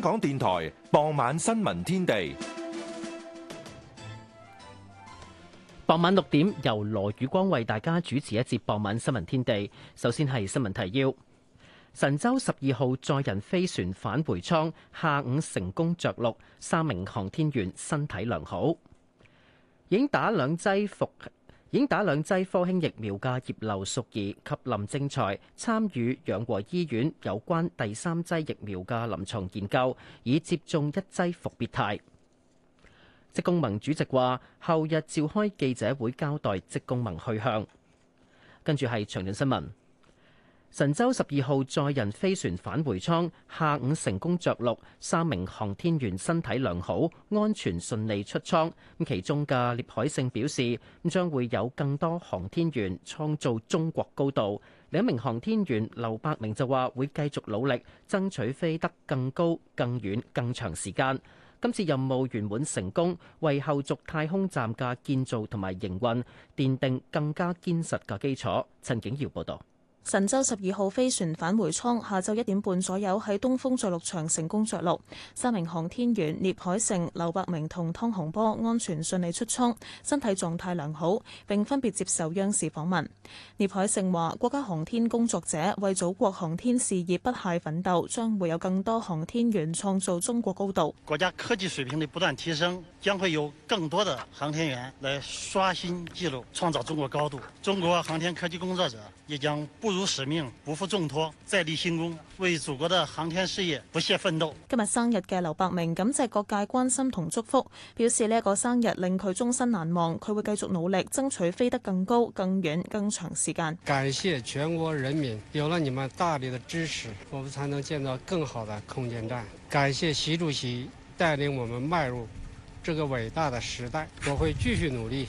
香港電台傍晚新聞天地，傍晚六點由羅宇光為大家主持一節傍晚新聞天地。首先係新聞提要：神舟十二號載人飛船返回艙下午成功着陸，三名航天員身體良好，已經打兩劑服。已經打兩劑科興疫苗嘅葉劉淑儀及林正財參與養和醫院有關第三劑疫苗嘅臨床研究，已接種一劑復必泰。職工盟主席話：後日召開記者會交代職工盟去向。跟住係長遠新聞。神舟十二號載人飛船返回艙下午成功着陸，三名航天員身體良好，安全順利出艙。其中嘅聶海勝表示，咁將會有更多航天員創造中國高度。另一名航天員劉伯明就話：會繼續努力，爭取飛得更高、更遠、更長時間。今次任務圓滿成功，為後續太空站嘅建造同埋營運奠定更加堅實嘅基礎。陳景堯報道。神舟十二號飛船返回艙下晝一點半左右喺東風著陸場成功着陸，三名航天員聶海勝、劉伯明同湯洪波安全順利出艙，身體狀態良好，並分別接受央視訪問。聶海勝話：國家航天工作者為祖國航天事業不懈奮鬥，將會有更多航天員創造中國高度。國家科技水平的不斷提升，將會有更多的航天員來刷新紀錄，創造中國高度。中國航天科技工作者。也將不辱使命，不負重託，再立新功，為祖國的航天事業不懈奮鬥。今日生日嘅劉伯明感謝各界關心同祝福，表示呢一個生日令佢終身難忘，佢會繼續努力，爭取飛得更高、更遠、更長時間。感謝全國人民，有了你們大力的支持，我們才能建造更好的空間站。感謝習主席帶領我們邁入這個偉大的時代，我會繼續努力。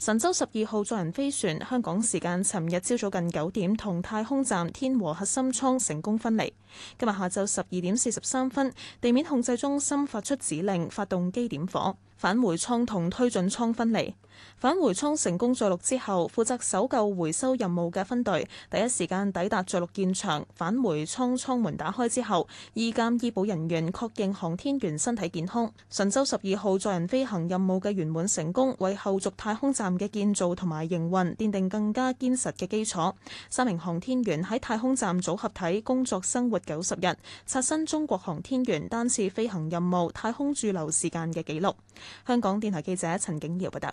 神舟十二號載人飛船，香港時間尋日朝早近九點，同太空站天和核心艙成功分離。今日下晝十二點四十三分，地面控制中心發出指令，發動機點火。返回艙同推進艙分離，返回艙成功著陸之後，負責搜救回收任務嘅分隊第一時間抵達著陸現場。返回艙艙門打開之後，醫監醫保人員確認航天員身體健康。神舟十二號載人飛行任務嘅圓滿成功，為後續太空站嘅建造同埋營運奠定更加堅實嘅基礎。三名航天員喺太空站組合體工作生活九十日，刷新中國航天員單次飛行任務太空駐留時間嘅紀錄。香港電台記者陳景瑤報道：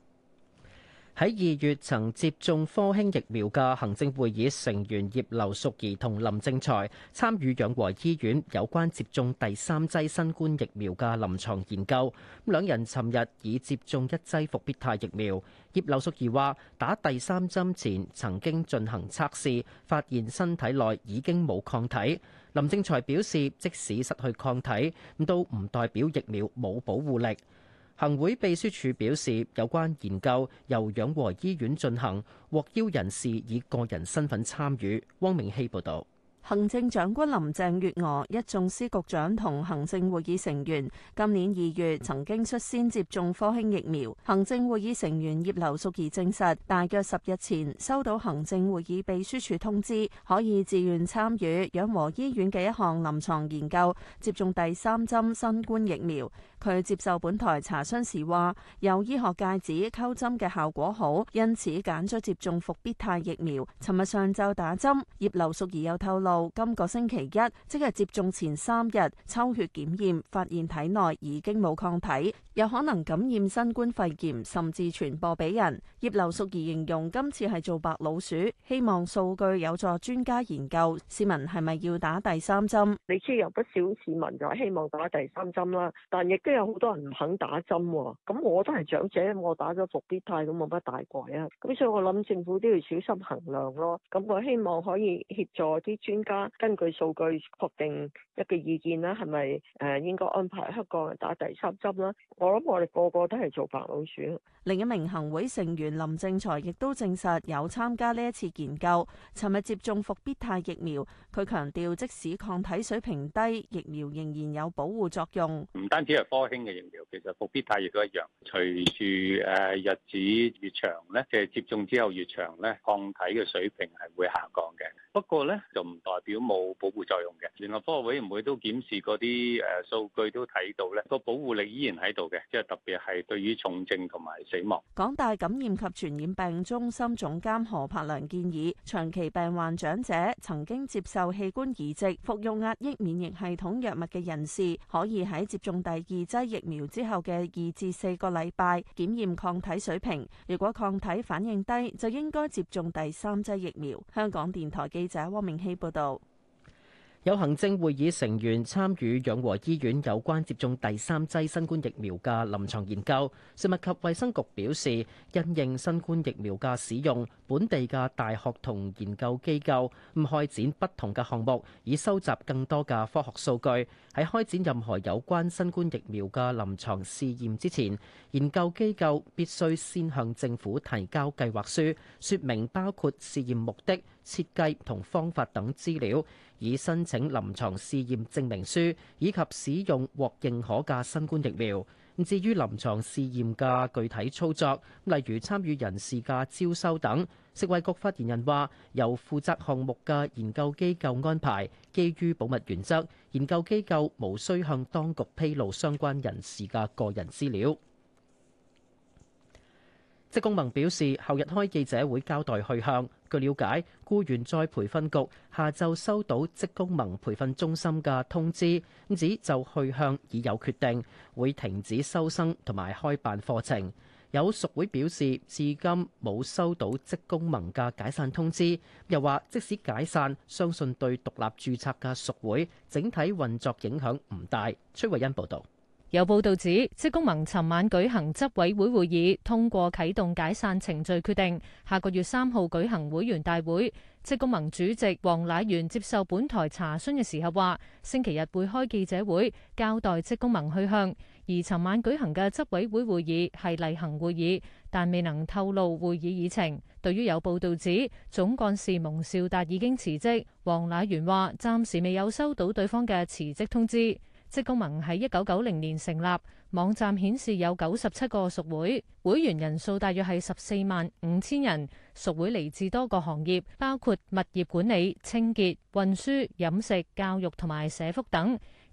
喺二月曾接種科興疫苗嘅行政會議成員葉劉淑儀同林正財參與養和醫院有關接種第三劑新冠疫苗嘅臨床研究。咁兩人尋日已接種一劑復必泰疫苗。葉劉淑儀話打第三針前曾經進行測試，發現身體內已經冇抗體。林正財表示，即使失去抗體都唔代表疫苗冇保護力。行會秘書處表示，有關研究由養和醫院進行，獲邀人士以個人身份參與。汪明希報導。行政長官林鄭月娥、一眾司局長同行政會議成員今年二月曾經率先接種科興疫苗。行政會議成員葉劉淑儀證實，大約十日前收到行政會議秘書處通知，可以自願參與養和醫院嘅一項臨床研究，接種第三針新冠疫苗。佢接受本台查詢時話：有醫學界指溝針嘅效果好，因此揀咗接種復必泰疫苗。尋日上晝打針。葉劉淑儀又透露。今個星期一即係接種前三日抽血檢驗，發現體內已經冇抗體，有可能感染新冠肺炎，甚至傳播俾人。葉劉淑儀形容今次係做白老鼠，希望數據有助專家研究，市民係咪要打第三針？你知有不少市民就希望打第三針啦，但亦都有好多人唔肯打針喎。咁我都係長者，我打咗伏必泰，咁冇乜大怪啊。咁所以我諗政府都要小心衡量咯。咁我希望可以協助啲專家。根據數據確定一個意見啦，係咪誒應該安排香港人打第三針啦？我諗我哋個個都係做白老鼠。另一名行會成員林正財亦都證實有參加呢一次研究，尋日接種復必泰疫苗。佢強調，即使抗體水平低，疫苗仍然有保護作用。唔單止係科興嘅疫苗，其實復必泰亦都一樣。隨住誒日子越長咧，即係接種之後越長咧，抗體嘅水平係會下降嘅。不過呢，就唔代表冇保護作用嘅。聯合科學委員會都檢視嗰啲誒數據，都睇到呢個保護力依然喺度嘅，即係特別係對於重症同埋死亡。港大感染及傳染病中心總監何柏良建議，長期病患長者、曾經接受器官移植、服用壓抑免疫，免疫系統藥物嘅人士，可以喺接種第二劑疫苗之後嘅二至四個禮拜檢驗抗體水平。如果抗體反應低，就應該接種第三劑疫苗。香港電台記者。記者汪明希報道，有行政會議成員參與養和醫院有關接種第三劑新冠疫苗嘅臨床研究。食物及衛生局表示，因應新冠疫苗嘅使用，本地嘅大學同研究機構唔開展不同嘅項目，以收集更多嘅科學數據。喺開展任何有關新冠疫苗嘅臨床試驗之前，研究機構必須先向政府提交計劃書，說明包括試驗目的。設計同方法等資料，以申請臨床試驗證明書，以及使用獲認可嘅新冠疫苗。咁至於臨床試驗嘅具體操作，例如參與人士嘅招收等，食衞局發言人話：由負責項目嘅研究機構安排，基於保密原則，研究機構無需向當局披露相關人士嘅個人資料。職工盟表示，後日開記者會交代去向。據瞭解，僱員再培訓局下晝收到職工盟培訓中心嘅通知，指就去向已有決定，會停止收生同埋開辦課程。有屬會表示，至今冇收到職工盟嘅解散通知，又話即使解散，相信對獨立註冊嘅屬會整體運作影響唔大。崔慧欣報導。有報道指，職工盟尋晚舉行執委會會議，通過啟動解散程序決定，下個月三號舉行會員大會。職工盟主席黃乃元接受本台查詢嘅時候話，星期日會開記者會，交代職工盟去向。而尋晚舉行嘅執委會會議係例行會議，但未能透露會議議程。對於有報道指總幹事蒙兆達已經辭職，黃乃元話暫時未有收到對方嘅辭職通知。職工盟喺一九九零年成立，網站顯示有九十七個屬會，會員人數大約係十四萬五千人，屬會嚟自多個行業，包括物業管理、清潔、運輸、飲食、教育同埋社福等。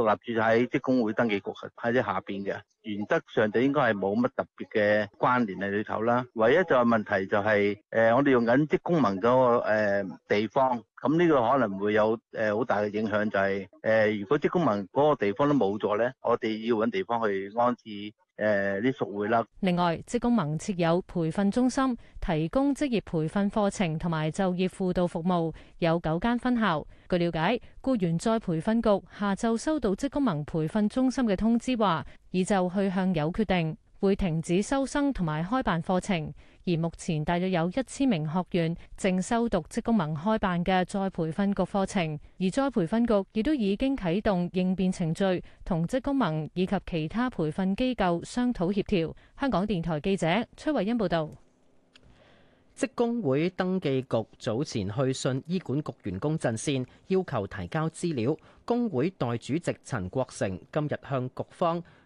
獨立住喺職工會登記局喺啲下邊嘅，原則上就應該係冇乜特別嘅關聯喺裏頭啦。唯一就係問題就係、是，誒、呃，我哋用緊職工盟嗰個誒地方，咁呢個可能會有誒好、呃、大嘅影響、就是，就係誒，如果職工盟嗰個地方都冇咗咧，我哋要搵地方去安置。誒，啲屬會啦。另外，職工盟設有培訓中心，提供職業培訓課程同埋就業輔導服務，有九間分校。據了解，僱員再培訓局下晝收到職工盟培訓中心嘅通知，話已就去向有決定，會停止收生同埋開辦課程。而目前大約有一千名學員正修讀職工盟開辦嘅再培訓局課程，而再培訓局亦都已經啟動應變程序，同職工盟以及其他培訓機構商討協調。香港電台記者崔慧欣報道，職工會登記局早前去信醫管局員工陣線，要求提交資料。工會代主席陳國成今日向局方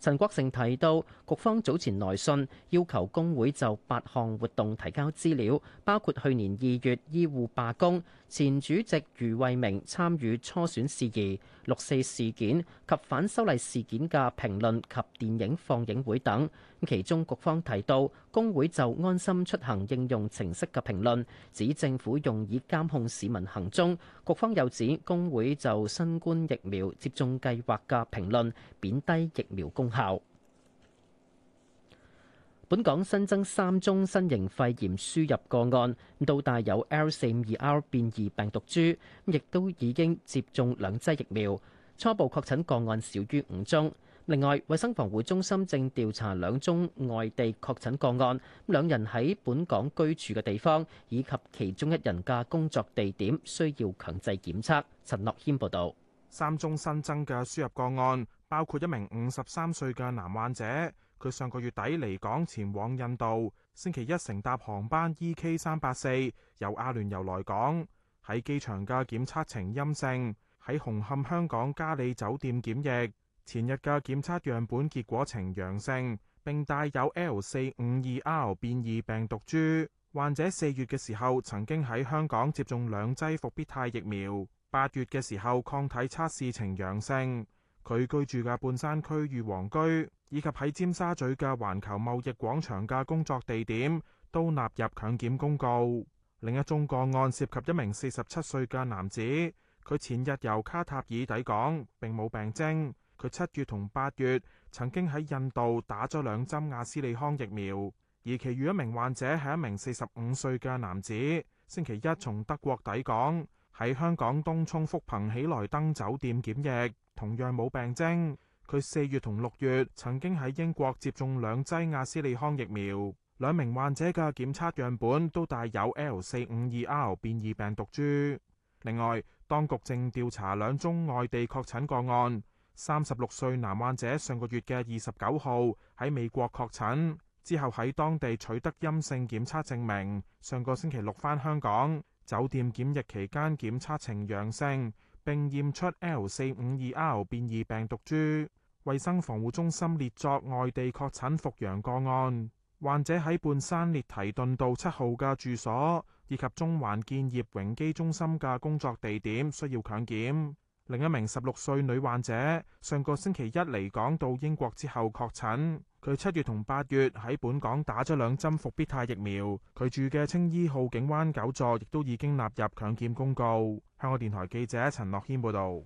陳國成提到，局方早前來信要求工會就八項活動提交資料，包括去年二月醫護罷工、前主席余慧明參與初選事宜、六四事件及反修例事件嘅評論及電影放映會等。其中局方提到，工會就安心出行應用程式嘅評論，指政府用以監控市民行蹤，局方又指工會就新冠疫苗接種計劃嘅評論貶低疫苗功效。本港新增三宗新型肺炎輸入個案，咁都帶有 L 四五二 R 變異病毒株，咁亦都已經接種兩劑疫苗，初步確診個案少於五宗。另外，衛生防護中心正調查兩宗外地確診個案，兩人喺本港居住嘅地方以及其中一人嘅工作地點需要強制檢測。陳樂軒報導。三宗新增嘅輸入個案，包括一名五十三歲嘅男患者，佢上個月底離港前往印度，星期一乘搭航班 EK 三八四由阿聯酋來港，喺機場嘅檢測呈陰性，喺紅磡香港嘉里酒店檢疫。前日嘅檢測樣本結果呈陽性，並帶有 L 四五二 R 變異病毒株。患者四月嘅時候曾經喺香港接種兩劑復必泰疫苗，八月嘅時候抗體測試呈陽性。佢居住嘅半山區御皇居以及喺尖沙咀嘅環球貿易廣場嘅工作地點都納入強檢公告。另一宗個案涉及一名四十七歲嘅男子，佢前日由卡塔爾抵港，並冇病徵。佢七月同八月曾經喺印度打咗兩針亞斯利康疫苗，而其餘一名患者係一名四十五歲嘅男子，星期一從德國抵港喺香港東涌福朋喜來登酒店檢疫，同樣冇病徵。佢四月同六月曾經喺英國接種兩劑亞斯利康疫苗。兩名患者嘅檢測樣本都帶有 L 四五二 R 變異病毒株。另外，當局正調查兩宗外地確診個案。三十六歲男患者上個月嘅二十九號喺美國確診，之後喺當地取得陰性檢測證明，上個星期六返香港，酒店檢疫期間檢測呈陽性，並驗出 L 四五二 R 變異病毒株，衛生防護中心列作外地確診復陽個案。患者喺半山列提頓道七號嘅住所以及中環建業榮基中心嘅工作地點需要強檢。另一名十六歲女患者，上個星期一離港到英國之後確診。佢七月同八月喺本港打咗兩針復必泰疫苗。佢住嘅青衣灝景灣九座亦都已經納入強檢公告。香港電台記者陳樂謙報導。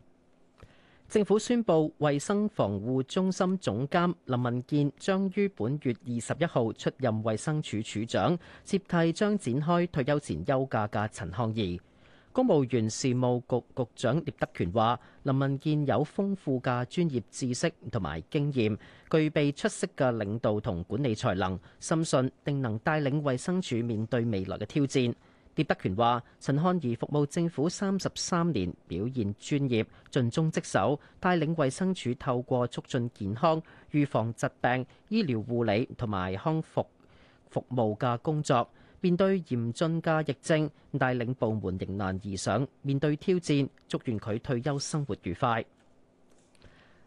政府宣布，衛生防護中心總監林文健將於本月二十一號出任衛生署署長，接替將展開退休前休假嘅陳漢儀。公務員事務局局長聶德權話：林文健有豐富嘅專業知識同埋經驗，具備出色嘅領導同管理才能，深信定能帶領衞生署面對未來嘅挑戰。聶德權話：陳漢儀服務政府三十三年，表現專業，盡忠職守，帶領衞生署透過促進健康、預防疾病、醫療護理同埋康復服務嘅工作。面對嚴峻嘅疫症，帶領部門迎難而上，面對挑戰，祝願佢退休生活愉快。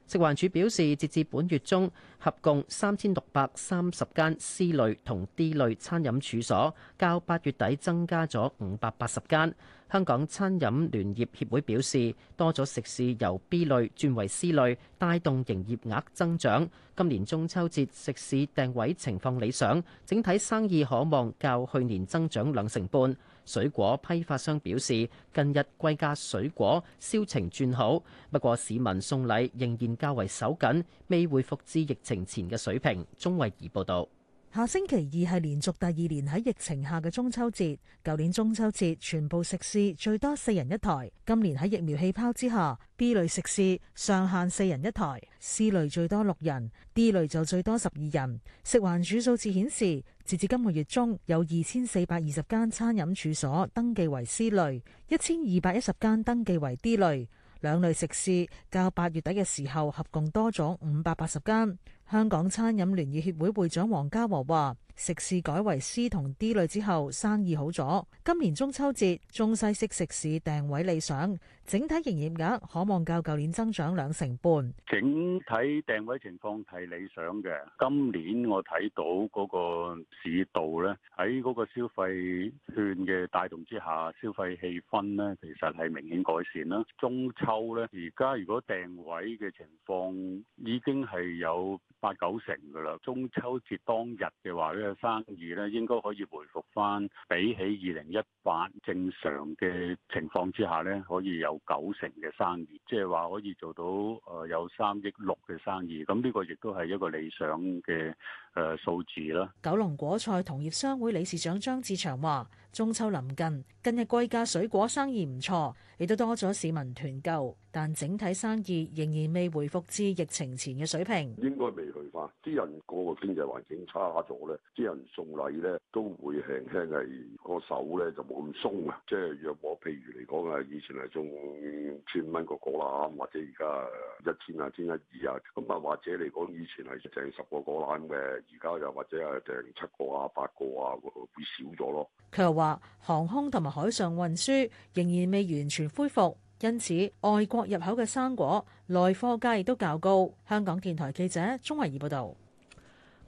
食環署表示，截至本月中，合共三千六百三十間 C 類同 D 類餐飲處所，較八月底增加咗五百八十間。香港餐飲聯業協會表示，多咗食肆由 B 類轉為 C 類，帶動營業額增長。今年中秋節食肆訂位情況理想，整體生意可望較去年增長兩成半。水果批發商表示，近日貴價水果銷情轉好，不過市民送禮仍然較為手緊，未回復至疫情前嘅水平。鍾慧儀報道。下星期二係連續第二年喺疫情下嘅中秋節。舊年中秋節全部食肆最多四人一台，今年喺疫苗氣泡之下，B 類食肆上限四人一台，C 類最多六人，D 類就最多十二人。食環署數字顯示，截至今個月中，有二千四百二十間餐飲處所登記為 C 類，一千二百一十間登記為 D 類，兩類食肆較八月底嘅時候合共多咗五百八十間。香港餐飲聯誼協會會長黃家和話：食肆改為 C 同 D 類之後，生意好咗。今年中秋節，中西式食肆訂位理想，整體營業額可望較舊年增長兩成半。整體訂位情況係理想嘅。今年我睇到嗰個市道咧，喺嗰個消費券嘅帶動之下，消費氣氛呢其實係明顯改善啦。中秋咧，而家如果訂位嘅情況已經係有。八九成嘅啦，中秋節當日嘅話，呢個生意咧，應該可以回復翻，比起二零一八正常嘅情況之下咧，可以有九成嘅生意，即係話可以做到誒有三億六嘅生意。咁、這、呢個亦都係一個理想嘅誒數字啦。九龍果菜同業商會理事長張志祥話：中秋臨近，近日貴價水果生意唔錯，亦都多咗市民團購，但整體生意仍然未回復至疫情前嘅水平。應該未。去翻啲人個經濟環境差咗咧，啲人送禮咧都會輕輕係個手咧就冇咁鬆啊！即係若果譬如嚟講啊，以前係送五千蚊個果籃，或者而家一千啊，千一二啊，咁啊或者嚟講以前係訂十個果籃嘅，而家又或者係訂七個啊八個啊會少咗咯。佢又話：航空同埋海上運輸仍然未完全恢復。因此，外國入口嘅生果，內貨價亦都較高。香港電台記者鍾慧儀報導。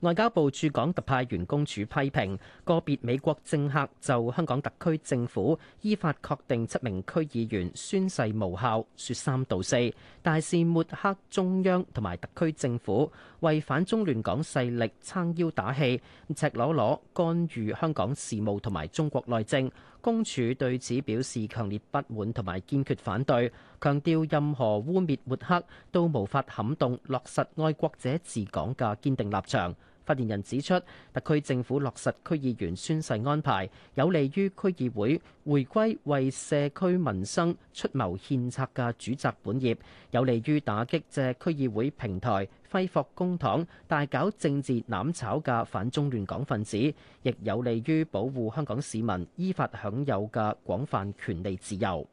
外交部駐港特派員公署批評個別美國政客就香港特區政府依法確定七名區議員宣誓無效，説三道四，大肆抹黑中央同埋特區政府，為反中亂港勢力撐腰打氣，赤裸裸干預香港事務同埋中國內政。公署對此表示強烈不滿同埋堅決反對，強調任何污蔑抹黑都無法撼動落實愛國者治港嘅堅定立場。發言人指出，特區政府落實區議員宣誓安排，有利於區議會回歸為社區民生出謀獻策嘅主責本業，有利於打擊借區議會平台，揮霍公堂，大搞政治攬炒嘅反中亂港分子，亦有利於保護香港市民依法享有嘅廣泛權利自由。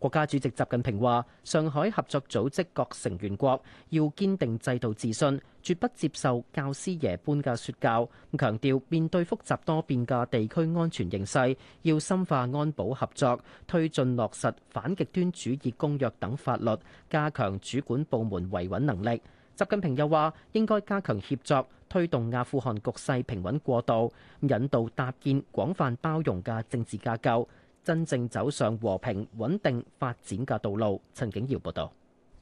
國家主席習近平話：上海合作組織各成員國要堅定制度自信，絕不接受教師爺般嘅説教。咁強調，面對複雜多變嘅地區安全形勢，要深化安保合作，推進落實反極端主義公約等法律，加強主管部門維穩能力。習近平又話：應該加強協作，推動阿富汗局勢平穩過渡，引導搭建廣泛包容嘅政治架構，真正走上和平、穩定發展嘅道路。陳景耀報道，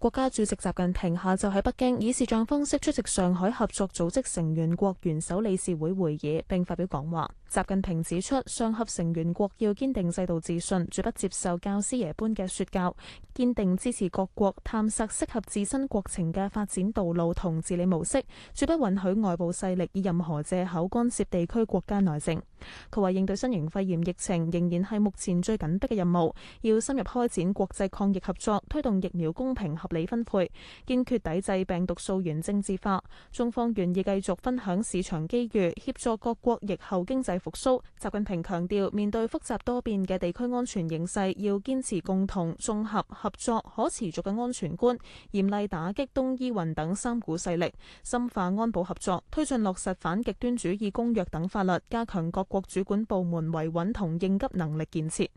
國家主席習近平下晝喺北京以視像方式出席上海合作組織成員國元首理事會會議，並發表講話。習近平指出，上合成員國要堅定制度自信，絕不接受教師爺般嘅說教；堅定支持各國探索適合自身國情嘅發展道路同治理模式，絕不允許外部勢力以任何借口干涉地區國家內政。佢話應對新型肺炎疫情仍然係目前最緊迫嘅任務，要深入開展國際抗疫合作，推動疫苗公平合理分配，堅決抵制病毒溯源政治化。中方願意繼續分享市場機遇，協助各國疫後經濟復甦。習近平強調，面對複雜多變嘅地區安全形勢，要堅持共同、綜合、合作、可持續嘅安全觀，嚴厲打擊東伊運等三股勢力，深化安保合作，推進落實反極端主義公約等法律，加強各國主管部門維穩同應急能力建設。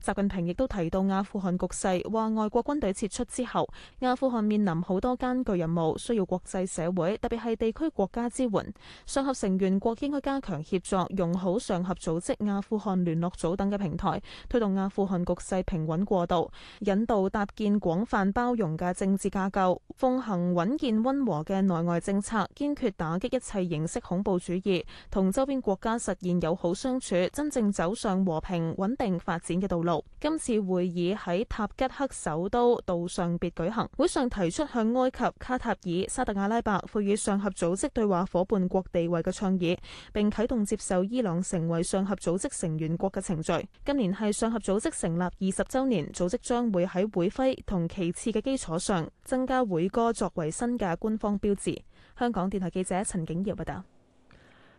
習近平亦都提到阿富汗局勢，話外國軍隊撤出之後，阿富汗面臨好多艱巨任務，需要國際社會，特別係地區國家支援。上合成員國應該加強協作，融好上合組織阿富汗聯絡組等嘅平台，推動阿富汗局勢平穩過渡，引導搭建廣泛包容嘅政治架構，奉行穩健溫和嘅內外政策，堅決打擊一切形式恐怖主義，同周邊國家實現友好相處，真正走上和平穩定發展嘅道路。今次會議喺塔吉克首都杜尚別舉行，會上提出向埃及、卡塔爾、沙特阿拉伯賦予上合組織對話伙伴國地位嘅倡議，並啟動接受伊朗。成為上合組織成員國嘅程序，今年係上合組織成立二十周年，組織將會喺會徽同旗幟嘅基礎上，增加會歌作為新嘅官方標誌。香港電台記者陳景瑤報道。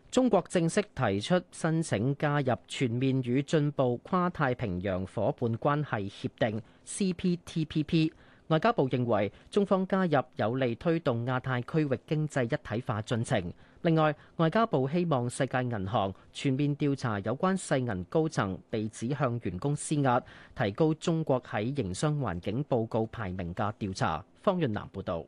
中國正式提出申請加入全面與進步跨太平洋伙伴關係協定 （CPTPP）。外交部認為，中方加入有利推動亞太區域經濟一體化進程。另外，外交部希望世界銀行全面調查有關世銀高層被指向員工施壓，提高中國喺營商環境報告排名嘅調查。方潤南報道。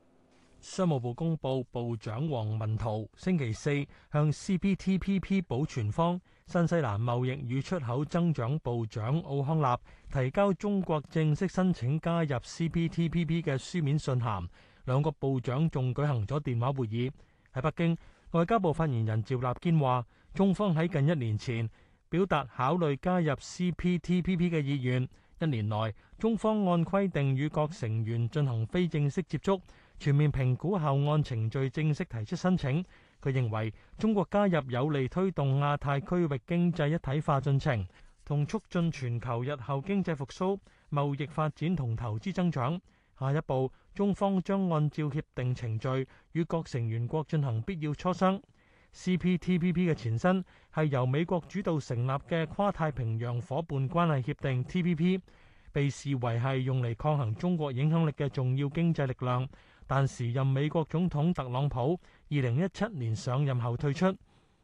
商務部公布，部長黃文濤星期四向 CPTPP 保存方新西蘭貿易與出口增長部長奧康納提交中國正式申請加入 CPTPP 嘅書面信函。兩個部長仲舉行咗電話會議，喺北京。外交部發言人趙立堅話，中方喺近一年前表達考慮加入 CPTPP 嘅意願，一年內中方按規定與各成員進行非正式接觸，全面評估後按程序正式提出申請。佢認為中國加入有利推動亞太區域經濟一體化進程，同促進全球日後經濟復蘇、貿易發展同投資增長。下一步，中方將按照協定程序與各成員國進行必要磋商。CPTPP 嘅前身係由美國主導成立嘅跨太平洋夥伴關係協定 （TPP），被視為係用嚟抗衡中國影響力嘅重要經濟力量，但時任美國總統特朗普二零一七年上任後退出。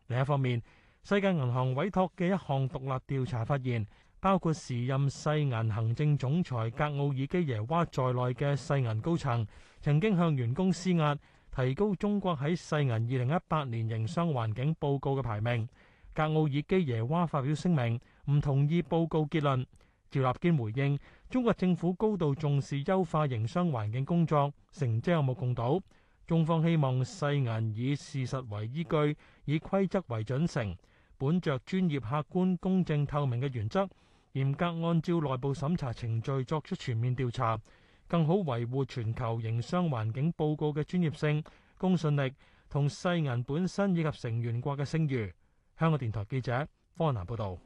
另一方面，世界銀行委託嘅一項獨立調查發現，包括時任世銀行政總裁格奧爾基耶娃在內嘅世銀高層曾經向員工施壓，提高中國喺世銀二零一八年營商環境報告嘅排名。格奧爾基耶娃發表聲明，唔同意報告結論。趙立堅回應：中國政府高度重視優化營商環境工作，成績有目共睹。中方希望世銀以事實為依據，以規則為準繩，本着專業、客觀、公正、透明嘅原則。嚴格按照內部審查程序作出全面調查，更好維護全球營商環境報告嘅專業性、公信力同世銀本身以及成員國嘅聲譽。香港電台記者方南報道：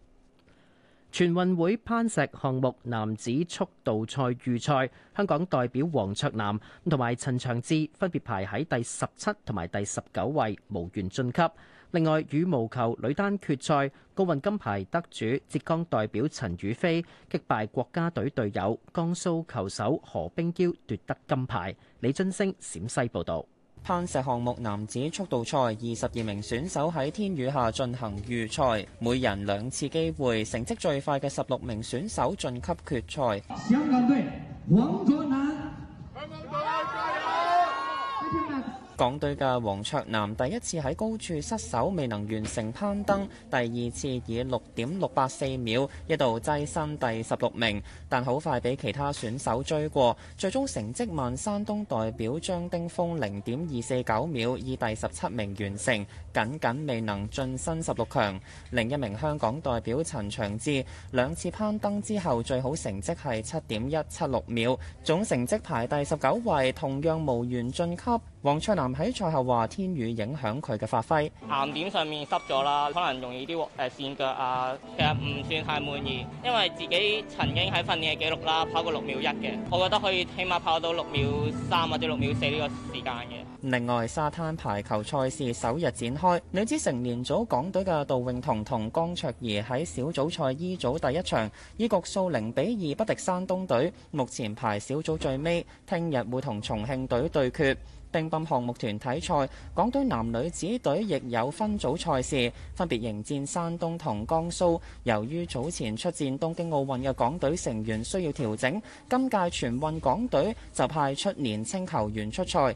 「全運會攀石項目男子速度賽預賽，香港代表黃卓南同埋陳祥志分別排喺第十七同埋第十九位，無緣晉級。另外，羽毛球女單決賽，奧運金牌得主浙江代表陳雨菲擊敗國家隊隊友江蘇球手何冰嬌奪得金牌。李津升陝西報道。攀石項目男子速度賽，二十二名選手喺天雨下進行預賽，每人兩次機會，成績最快嘅十六名選手晉級決賽。港隊嘅黃卓南第一次喺高處失手，未能完成攀登。第二次以六點六八四秒一度躋身第十六名，但好快俾其他選手追過，最終成績萬山東代表張丁峰零點二四九秒以第十七名完成，僅僅未能晉身十六強，另一名香港代表陳長志兩次攀登之後最好成績係七點一七六秒，總成績排第十九位，同樣無緣晉級。王卓南喺賽後話：天雨影響佢嘅發揮，岩點上面濕咗啦，可能容易啲誒跣腳啊。其實唔算太滿意，因為自己曾經喺訓練嘅記錄啦，跑過六秒一嘅，我覺得可以起碼跑到六秒三或者六秒四呢個時間嘅。另外，沙灘排球賽事首日展開，女子成年組港隊嘅杜永彤同江卓兒喺小組賽 E 組第一場，以局數零比二，不敵山東隊，目前排小組最尾，聽日會同重慶隊對決。乒乓項目團體賽，港隊男女子隊亦有分組賽事，分別迎戰山東同江蘇。由於早前出戰東京奧運嘅港隊成員需要調整，今屆全運港隊就派出年青球員出賽。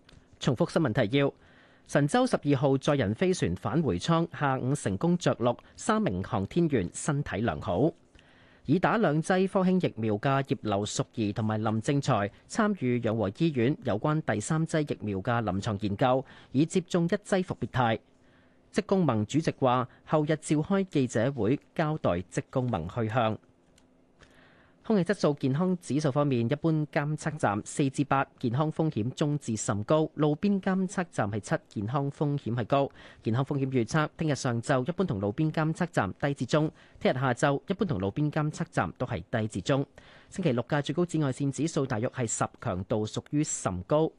重複新聞提要：神舟十二號載人飛船返回艙下午成功着陸，三名航天員身體良好。已打兩劑科興疫苗嘅葉劉淑儀同埋林正財參與養和醫院有關第三劑疫苗嘅臨床研究，已接種一劑復必泰。職工盟主席話：後日召開記者會，交代職工盟去向。空氣質素健康指數方面，一般監測站四至八，健康風險中至甚高；路邊監測站係七，健康風險係高。健康風險預測：聽日上晝一般同路邊監測站低至中；聽日下晝一般同路邊監測站都係低至中。星期六嘅最高紫外線指數大約係十，強度屬於甚高。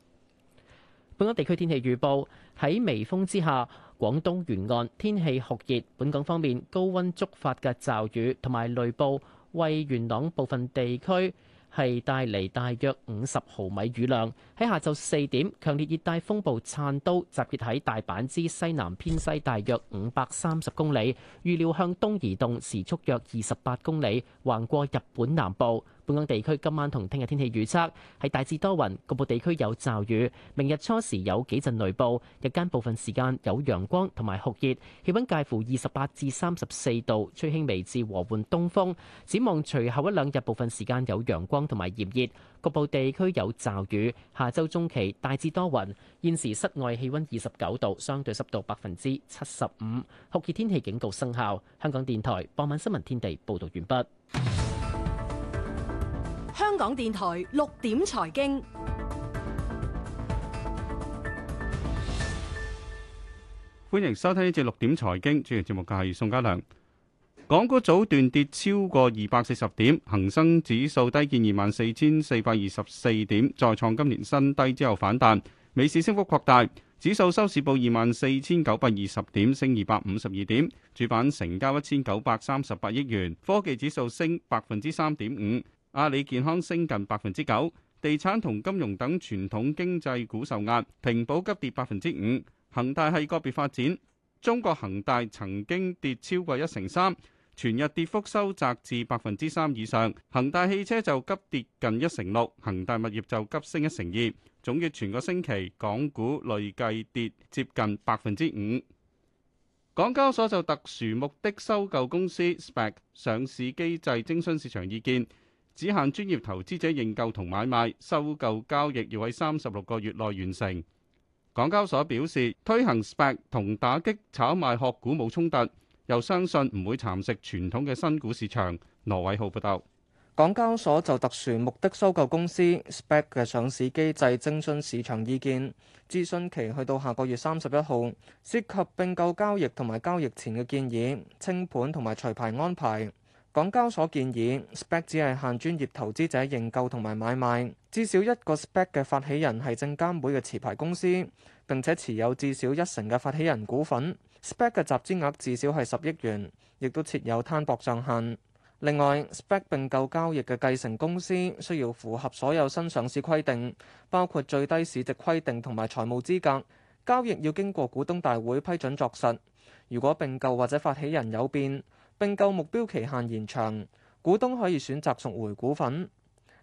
本港地區天氣預報，喺微風之下，廣東沿岸天氣酷熱，本港方面，高溫觸發嘅驟雨同埋雷暴。為元朗部分地區係帶嚟大約五十毫米雨量。喺下晝四點，強烈熱帶風暴燦都集結喺大阪之西南偏西大約五百三十公里，預料向東移動，時速約二十八公里，橫過日本南部。本港地區今晚同聽日天氣預測係大致多雲，局部地區有驟雨。明日初時有幾陣雷暴，日間部分時間有陽光同埋酷熱，氣溫介乎二十八至三十四度，吹輕微至和緩東風。展望隨後一兩日部分時間有陽光同埋炎熱，局部地區有驟雨。下週中期大致多雲。現時室外氣溫二十九度，相對濕度百分之七十五，酷熱天氣警告生效。香港電台傍晚新聞天地報導完畢。香港電台六點財經，歡迎收聽呢節六點財經。主持節目嘅係宋家良。港股早段跌超過二百四十點，恒生指數低見二萬四千四百二十四點，再創今年新低之後反彈。美市升幅擴大，指數收市報二萬四千九百二十點，升二百五十二點。主板成交一千九百三十八億元，科技指數升百分之三點五。阿里健康升近百分之九，地產同金融等傳統經濟股受壓，平保急跌百分之五。恒大系個別發展，中國恒大曾經跌超過一成三，全日跌幅收窄至百分之三以上。恒大汽車就急跌近一成六，恒大物業就急升一成二。總結全個星期，港股累計跌接近百分之五。港交所就特殊目的收購公司 （SPAC） 上市機制徵詢市場意見。只限專業投資者認購同買賣，收購交易要喺三十六個月內完成。港交所表示推行 SPAC 同打擊炒賣殼股冇衝突，又相信唔會蠶食傳統嘅新股市場。羅偉浩報道，港交所就特殊目的收購公司 SPAC 嘅上市機制徵詢市場意見，諮詢期去到下個月三十一號，涉及並購交易同埋交易前嘅建議、清盤同埋除牌安排。港交所建議，SPAC 只係限專業投資者認購同埋買賣，至少一個 SPAC 嘅發起人係證監會嘅持牌公司，並且持有至少一成嘅發起人股份。SPAC 嘅集資額至少係十億元，亦都設有攤薄上限。另外，SPAC 併購交易嘅繼承公司需要符合所有新上市規定，包括最低市值規定同埋財務資格。交易要經過股東大會批准作實。如果並購或者發起人有變，並購目標期限延長，股東可以選擇贖回股份。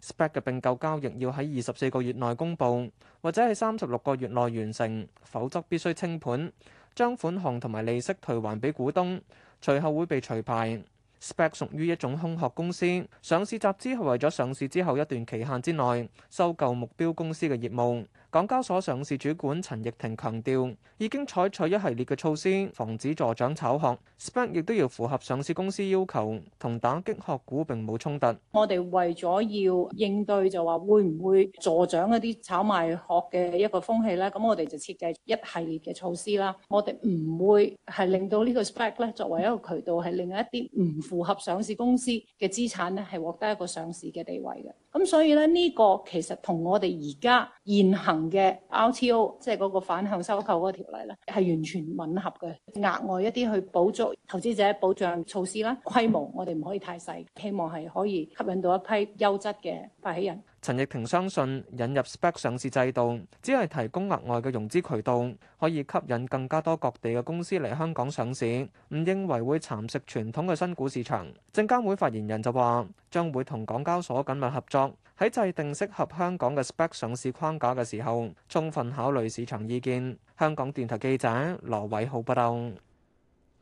SPAC 嘅並購交易要喺二十四個月內公佈，或者喺三十六個月內完成，否則必須清盤，將款項同埋利息退還俾股東，隨後會被除牌。SPAC 屬於一種空殼公司，上市集資係為咗上市之後一段期限之內收購目標公司嘅業務。港交所上市主管陳奕婷強調，已經採取一系列嘅措施，防止助長炒殼。SPAC 亦都要符合上市公司要求，同打擊殼股並冇衝突。我哋為咗要應對就話會唔會助長一啲炒賣殼嘅一個風氣咧，咁我哋就設計一系列嘅措施啦。我哋唔會係令到呢個 SPAC 咧，作為一個渠道係令一啲唔符合上市公司嘅資產咧，係獲得一個上市嘅地位嘅。咁所以咧，呢個其實同我哋而家現行。嘅 RTO 即係嗰個反向收購嗰個條例咧，係完全吻合嘅。額外一啲去補足投資者保障措施啦，規模我哋唔可以太細，希望係可以吸引到一批優質嘅發起人。陳奕霆相信引入 Spec 上市制度，只係提供額外嘅融資渠道，可以吸引更加多各地嘅公司嚟香港上市。唔認為會蠶食傳統嘅新股市場。證監會發言人就話，將會同港交所緊密合作，喺制定適合香港嘅 Spec 上市框架嘅時候，充分考慮市場意見。香港電台記者羅偉浩報道。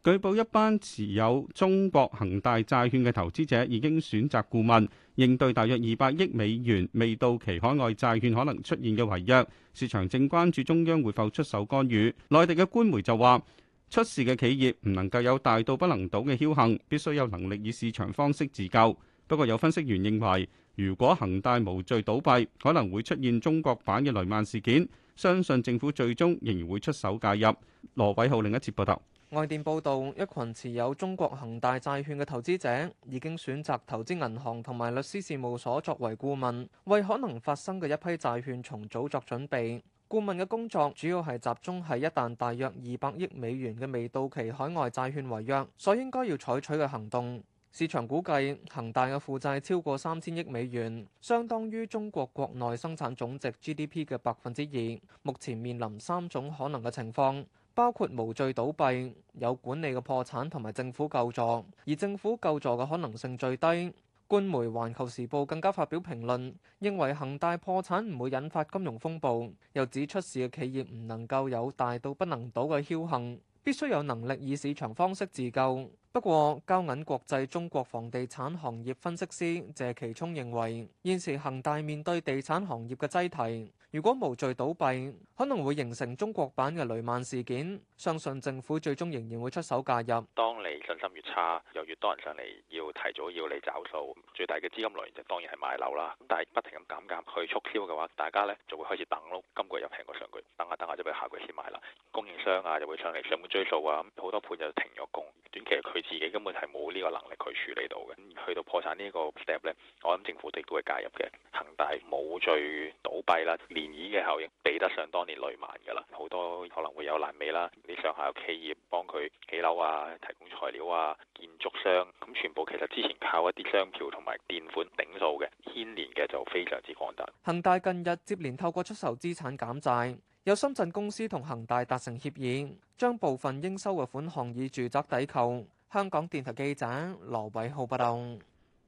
據報，一班持有中國恒大債券嘅投資者已經選擇顧問，應對大約二百億美元未到期海外債券可能出現嘅違約。市場正關注中央會否出手干預。內地嘅官媒就話：出事嘅企業唔能夠有大到不能倒嘅僥倖，必須有能力以市場方式自救。不過，有分析員認為，如果恒大無罪倒閉，可能會出現中國版嘅雷曼事件。相信政府最終仍然會出手介入。羅偉浩另一節報道。外電報道，一群持有中國恒大債券嘅投資者已經選擇投資銀行同埋律師事務所作為顧問，為可能發生嘅一批債券重組作準備。顧問嘅工作主要係集中喺一旦大約二百億美元嘅未到期海外債券違約，所以應該要採取嘅行動。市場估計恒大嘅負債超過三千億美元，相當於中國國內生產總值 GDP 嘅百分之二。目前面臨三種可能嘅情況。包括無序倒閉、有管理嘅破產同埋政府救助，而政府救助嘅可能性最低。官媒《環球時報》更加發表評論，認為恒大破產唔會引發金融風暴，又指出事嘅企業唔能夠有大到不能倒嘅僥倖，必須有能力以市場方式自救。不過交銀國際中國房地產行業分析師謝其聰認為，現時恒大面對地產行業嘅擠提，如果無序倒閉，可能會形成中國版嘅雷曼事件。相信政府最終仍然會出手介入。當你信心越差，又越多人上嚟，要提早要你找數，最大嘅資金來源就當然係賣樓啦。但係不停咁減價去促銷嘅話，大家呢就會開始等咯。今個月又平過上個月，等下等下，就備下個月先買啦。供應商啊，就會上嚟上門追數啊，好多盤就停咗工短期佢自己根本係冇呢個能力去處理到嘅，去到破產呢個 step 咧，我諗政府亦都係介入嘅。恒大冇罪倒閉啦，漣漪嘅效應比得上當年雷曼噶啦，好多可能會有爛尾啦。你上下游企業幫佢起樓啊，提供材料啊，建築商咁全部其實之前靠一啲商票同埋墊款頂數嘅牽連嘅就非常之廣大。恒大近日接連透過出售資產減債，有深圳公司同恒大達成協議，將部分應收嘅款項以住宅抵扣。香港電臺記者羅偉浩報道：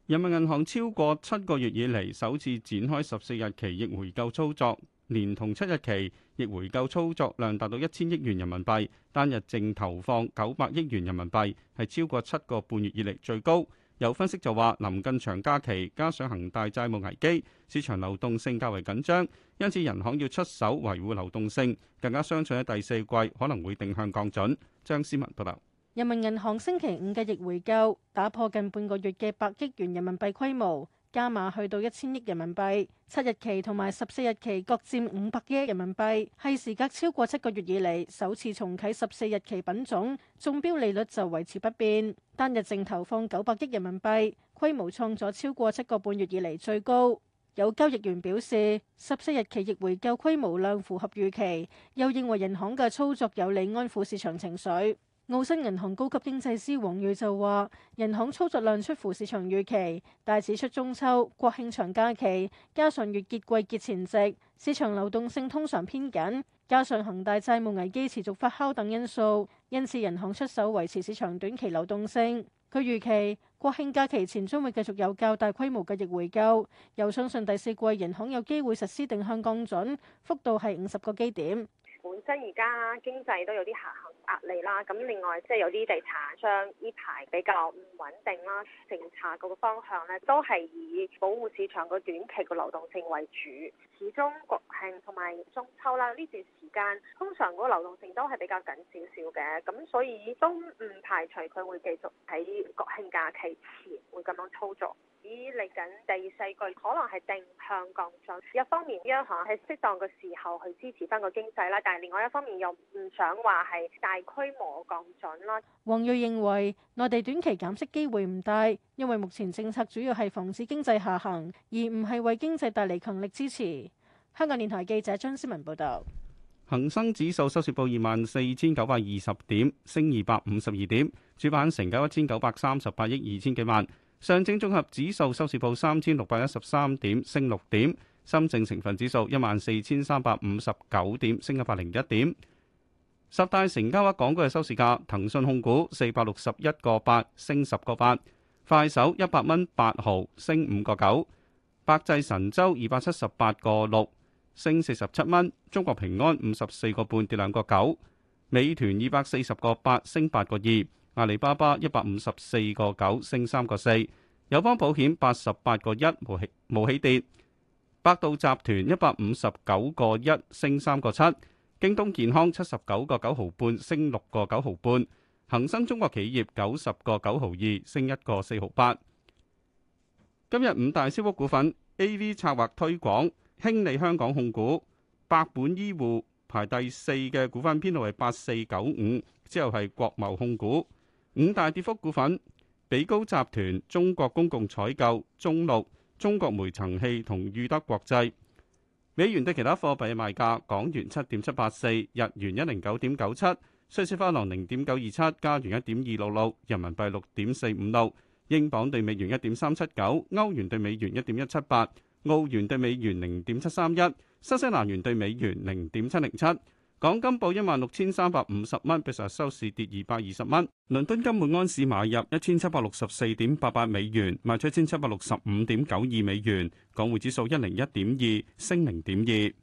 人民銀行超過七個月以嚟首次展開十四日期逆回購操作，連同七日期逆回購操作量達到一千億元人民幣，單日淨投放九百億元人民幣，係超過七個半月以嚟最高。有分析就話，臨近長假期，加上恒大債務危機，市場流動性較為緊張，因此人行要出手維護流動性，更加相信喺第四季可能會定向降準。張思文報道。人民銀行星期五嘅逆回購打破近半個月嘅百億元人民幣規模，加碼去到一千億人民幣，七日期同埋十四日期各佔五百億人民幣，係時隔超過七個月以嚟首次重啟十四日期品種，中標利率就維持不變。單日淨投放九百億人民幣，規模創咗超過七個半月以嚟最高。有交易員表示，十四日期逆回購規模量符合預期，又認為銀行嘅操作有利安撫市場情緒。澳新銀行高級經濟師王瑞就話：銀行操作量出乎市場預期，但指出中秋、國慶長假期，加上月結季結前夕，市場流動性通常偏緊，加上恒大債務危機持續發酵等因素，因此銀行出手維持市場短期流動性。佢預期國慶假期前將會繼續有較大規模嘅逆回購，又相信第四季銀行有機會實施定向降準，幅度係五十個基點。本身而家經濟都有啲下行壓力啦，咁另外即係有啲地產商呢排比較唔穩定啦，政策個查方向咧都係以保護市場個短期嘅流動性為主。始終國慶同埋中秋啦，呢段時間通常個流動性都係比較緊少少嘅，咁所以都唔排除佢會繼續喺國慶假期前會咁樣操作。以嚟緊第四季可能係定向降準，一方面央行喺適當嘅時候去支持翻個經濟啦，但係另外一方面又唔想話係大規模降準啦。黃瑞認為內地短期減息機會唔大，因為目前政策主要係防止經濟下行，而唔係為經濟帶嚟強力支持。香港電台記者張思文報道，恒生指數收市報二萬四千九百二十點，升二百五十二點，主板成交一千九百三十八億二千幾萬。上證綜合指數收市報三千六百一十三點，升六點；深證成分指數一萬四千三百五十九點，升一百零一點。十大成交額港股嘅收市價：騰訊控股四百六十一個八，升十個八；快手一百蚊八毫，升五個九；百濟神州二百七十八個六，升四十七蚊；中國平安五十四個半，跌兩個九；美團二百四十個八，升八個二。阿里巴巴一百五十四個九升三個四，友邦保險八十八個一冇起冇起跌，百度集團一百五十九個一升三個七，京東健康七十九個九毫半升六個九毫半，恒生中國企業九十個九毫二升一個四毫八。今日五大升幅股份，A.V 策劃推廣，興利香港控股，百本醫護排第四嘅股份編號係八四九五，之後係國貿控股。五大跌幅股份：比高集團、中國公共採購、中路、中國煤層氣同裕德國際。美元對其他貨幣賣價：港元七點七八四，日元一零九點九七，瑞士法郎零點九二七，加元一點二六六，人民幣六點四五六，英鎊對美元一點三七九，歐元對美元一點一七八，澳元對美元零點七三一，新西蘭元對美元零點七零七。港金報一萬六千三百五十蚊，比上日收市跌二百二十蚊。倫敦金每安士買入一千七百六十四點八八美元，賣出一千七百六十五點九二美元。港匯指數一零一點二，升零點二。